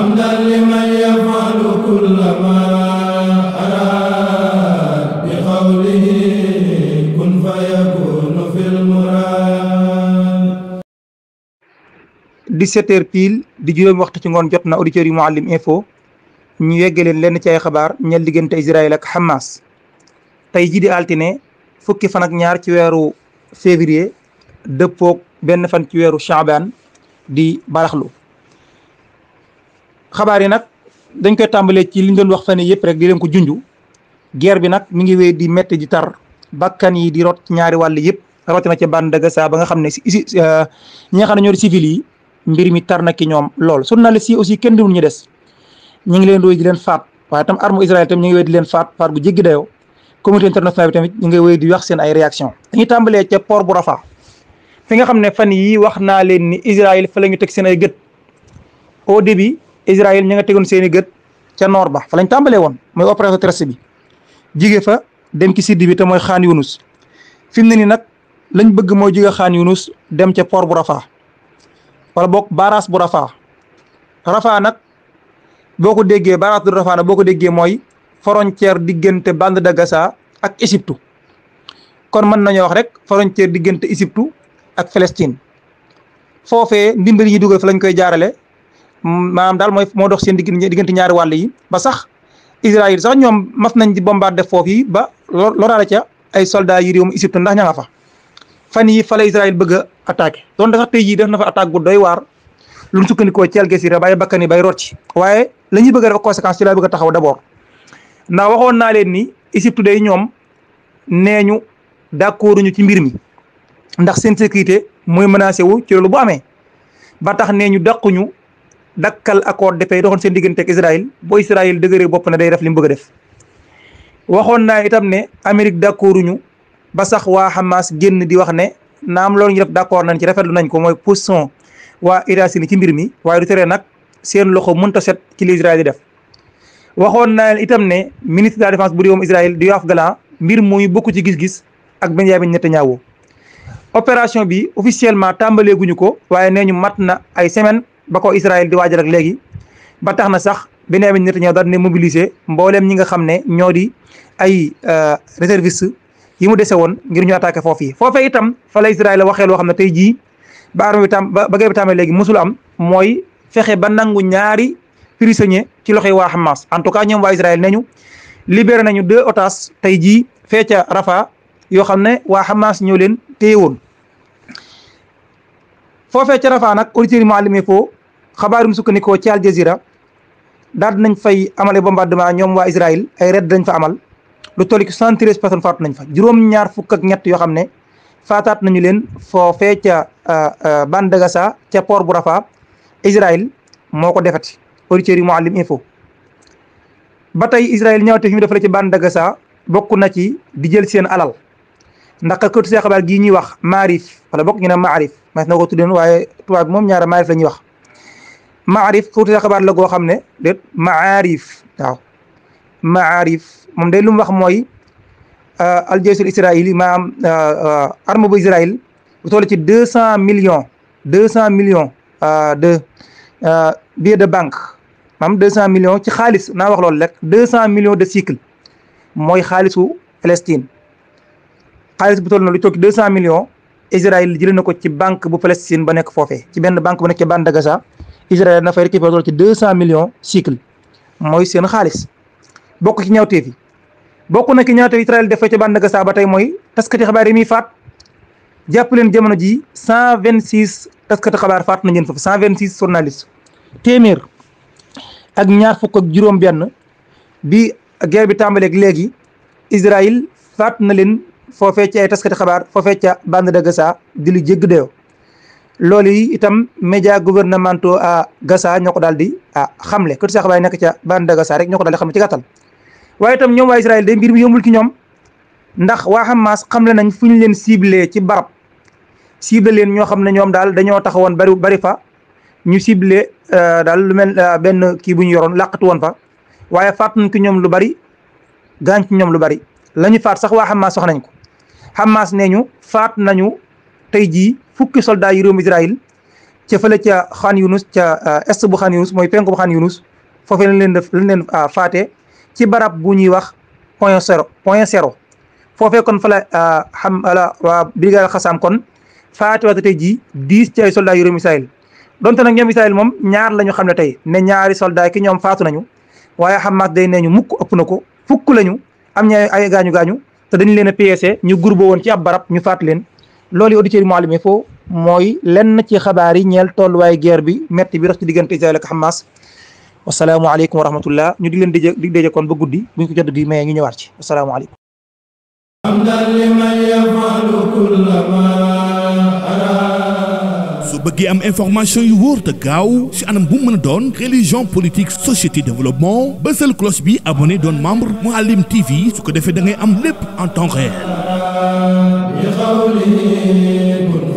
حمدا لمن يفعل كل ما أراد بقوله كن فيكون في المراد 17 heures pile di juróom waxtu ci ngoon jot na auditeurs yu Mouhalim Info ñu yeggaleen lenn ci ay xabaar ñeel diggante Israël ak Hamas tey jii di altine fukki fan ak ñaar ci weeru février dëppook benn fan ci weeru Chaabaan di baraxlu xabaar yi nag dañ koy tàmbalee ci liñ doon wax fan yëpp rek di leen ko junju geer bi nag mi ngi wéy di métti di tar bakkan yi di rot ñaari wàll yëpp rawatina ca bande de Gaza ba nga xam ne si euh, ñi ñoo di civil yi mbir mi tar na ki ñoom lool journaliste yi aussi kenn diwul ñu des ñu ngi leen wéy di leen faat waaye tam armée Israël tam ñu ngi wéy di leen faat faat bu jéggi dayoo communauté internationale bi tamit ñu ngi wéy di wax seen ay réaction dañuy tàmbalee ca port bu Rafah fi nga xam ne fan yi wax naa leen ni Israël fa la ñu teg seen ay gët Israël ñi nga tegoon seen gët ca noor ba fa lañ tàmbalee woon mooy opération terrestre bi jige fa dem ci sud bi te mooy xaan Yunus fi mu ne nii nag lañ bëgg mooy jige xaan Yunus dem ca poor bu Rafah wala boog barrage bu Rafah Rafah nag boo ko déggee barrage bu Rafah nag boo ko déggee mooy frontière diggante bande de Gaza ak Égypte kon mën nañoo wax rek frontière diggante Égypte ak Palestine foofee ndimbal yi dugal fa lañ koy jaarale maanaam daal mooy moo dox seen diggante ñaari wàll yi ba sax Israël sax ñoom mas nañ di de foofu yi ba loraale ca ay soldats yi réewum Égypte ndax ña nga fa fan yi fa la Israël bëgg a attaqué doon sax tey jii def na fa attaque bu doy waar lu mu sukkandikoo ci alges yi bay bakkan yi bay rot waaye la ñuy bëgg a conséquence ci laa bëgg taxaw d' abord ndax waxoon naa leen ni Égypte day ñoom nee ñu d' accord ci mbir mi ndax seen sécurité mooy menacé wu ci loolu bu amee ba tax nee ñu dàquñu dakkal accord de paix doxoon seen diggante ak Israël boo Israël dëgëree bopp na day def li mu def waxoon naa itam ne Amérique d'accorduñu ba sax waa Hamas génn di wax ne naam loolu ñu def d'accord nañ ci rafetlu nañ ko mooy position waa États-Unis ci mbir mi waaye du teree nag seen loxo mënta set ci li Israël di def waxoon naa itam ne ministre de la défense bu réewum Israël di Yoav Gallant mbir mooy bokk ci gis-gis ak Benjamin Netanyahu opération bi officiellement tàmbaleeguñu ko waaye nee ñu na ay semaine ba ko Israël di waajal ak léegi ba tax na sax Benyamin Netanyahu daal ne mobiliser mbooleem ñi nga xam ne ñoo di ay euh, réservistes yi mu dese woon ngir ñu attaqué foofu yi foofee itam fa la Israël waxee loo xam ne tey jii ba arme bi tam ba guerre bi tàmbalee léegi mosul am mooy fexe ba nangu ñaari prisonnier ci loxoy waa Hamas en tout cas ñoom waa Israël nañu libéré nañu deux otages tey jii fee ca Rafa yoo xam ne waa Hamas ñoo leen téye woon foofee ca Rafa nag auditeurs yi Mouhalim Info xabaarum sukkandikoo ci Al Jazeera daal nañ fay amale bombardement ñoom waa Israël ay raid dañ fa amal lu toll ci soixante treize personnes faatu nañ fa juróom-ñaar fukk ak ñett yoo xam ne faataat nañu leen foofee ca euh, euh, bande de Gaza ca port bu Rafah Israël moo ko defati auditeurs yi Mouhalim info ba tey Israël ñëwate fi mu defale ci bande de Gaza bokk na ci di jël seen alal ndax kër see xabaar gii ñuy wax maarif wala bokk ñu ne maarif mas na ko tuddeen waaye tubaab bi moom ñaara maarif la ñuy wax maarif tuuti xabaar la goo xam ne déet maarif waaw maarif moom day lu mu wax mooy euh, aljaysul israeli maanaam euh, arme bu israël bu toll ci deux cent millions deux cent millions euh, de billets de banque maanaam deux cent ci xaalis naa wax lool rek deux cent millions de cycle mooy xaalisu Palestine xaalis bu toll na lu toog deux cent millions Israël na ko ci banque bu Palestine ba nekk foofee ci benn banque bu nekk ci bande Israël dafay récupérer dool ci deux cent millions cycle mooy seen xaalis bokk ci ñaawteef yi bokk na ki ñaawteef Israël dafay ca bande Gaza ba tey mooy taskati xabaar yi muy faat jàpp leen jamono ji cent vingt six taskati xabaar faat na leen foofu cent vingt six journaliste téeméer ak ñaar fukk ak juróom-benn bi guerre bi tàmbaleeg léegi Israël faat na leen foofee ci ay taskati xabaar foofee ca bande de Gaza di lu jégg dayoo loolu yi itam média gouvernementaux à Gaza ñoo ko daal di ah xamle kër sax Baye nekk ca bande de Gaza rek ñoo ko daal di xamle ci gàttal waaye itam ñoom waa Israël de mbir mi yombul ci ñoom ndax waa Hamas xamle nañ fu ñu leen ciblé ci barab ciblé leen ñoo xam ne ñoom daal dañoo taxawoon bari bari fa ñu ciblé euh, daal lu mel euh, benn kii bu ñu yoroon làqatu woon fa waaye faat nañ ko ñoom lu bari gaañ ci ñoom lu bari la ñu faat sax waa Hamas wax nañ ko Hamas nee ñu faat nañu. tey jii fukki soldat yu réewum Israël ca fële ca Khan Yunus ca euh, est bu Khan Yunus mooy penk bu Khan Yunus foofee lañ leen def lañ leen euh, faate ci barab bu ñuy wax point zéro point zéro foofee kon fa la euh, xam la waa brigade xasaam kon faate waate tey jii dix ci ay soldats yu donte nag ñoom Israël moom ñaar la xam ne tey ne ñaari soldats ki ñoom faatu nañu waaye xam Hamas day nee ñu mukk ëpp na ko fukk lañu am ña ay gaañu gaañu te dañ leen a ñu gurboo woon ci ab barab ñu faat leen loolu yi auditeurs yi Mouhalim Info mooy lenn ci xabaar yi ñeel tolluwaay guerre bi metti bi dox ci diggante Israël ak Hamas wasalaamaaleykum wa rahmatullah ñu di leen di dig daje kon ba guddi bu ñu ko jot gi maye ñu ñëwaat ci wasalaamaaleykum su bëggee am information yu wóor te gaaw si anam bu mën doon religion politique société développement bësal cloche bi abonné doon membre Mouhalim TV su ko defee da ngay am lépp en temps réel بقوله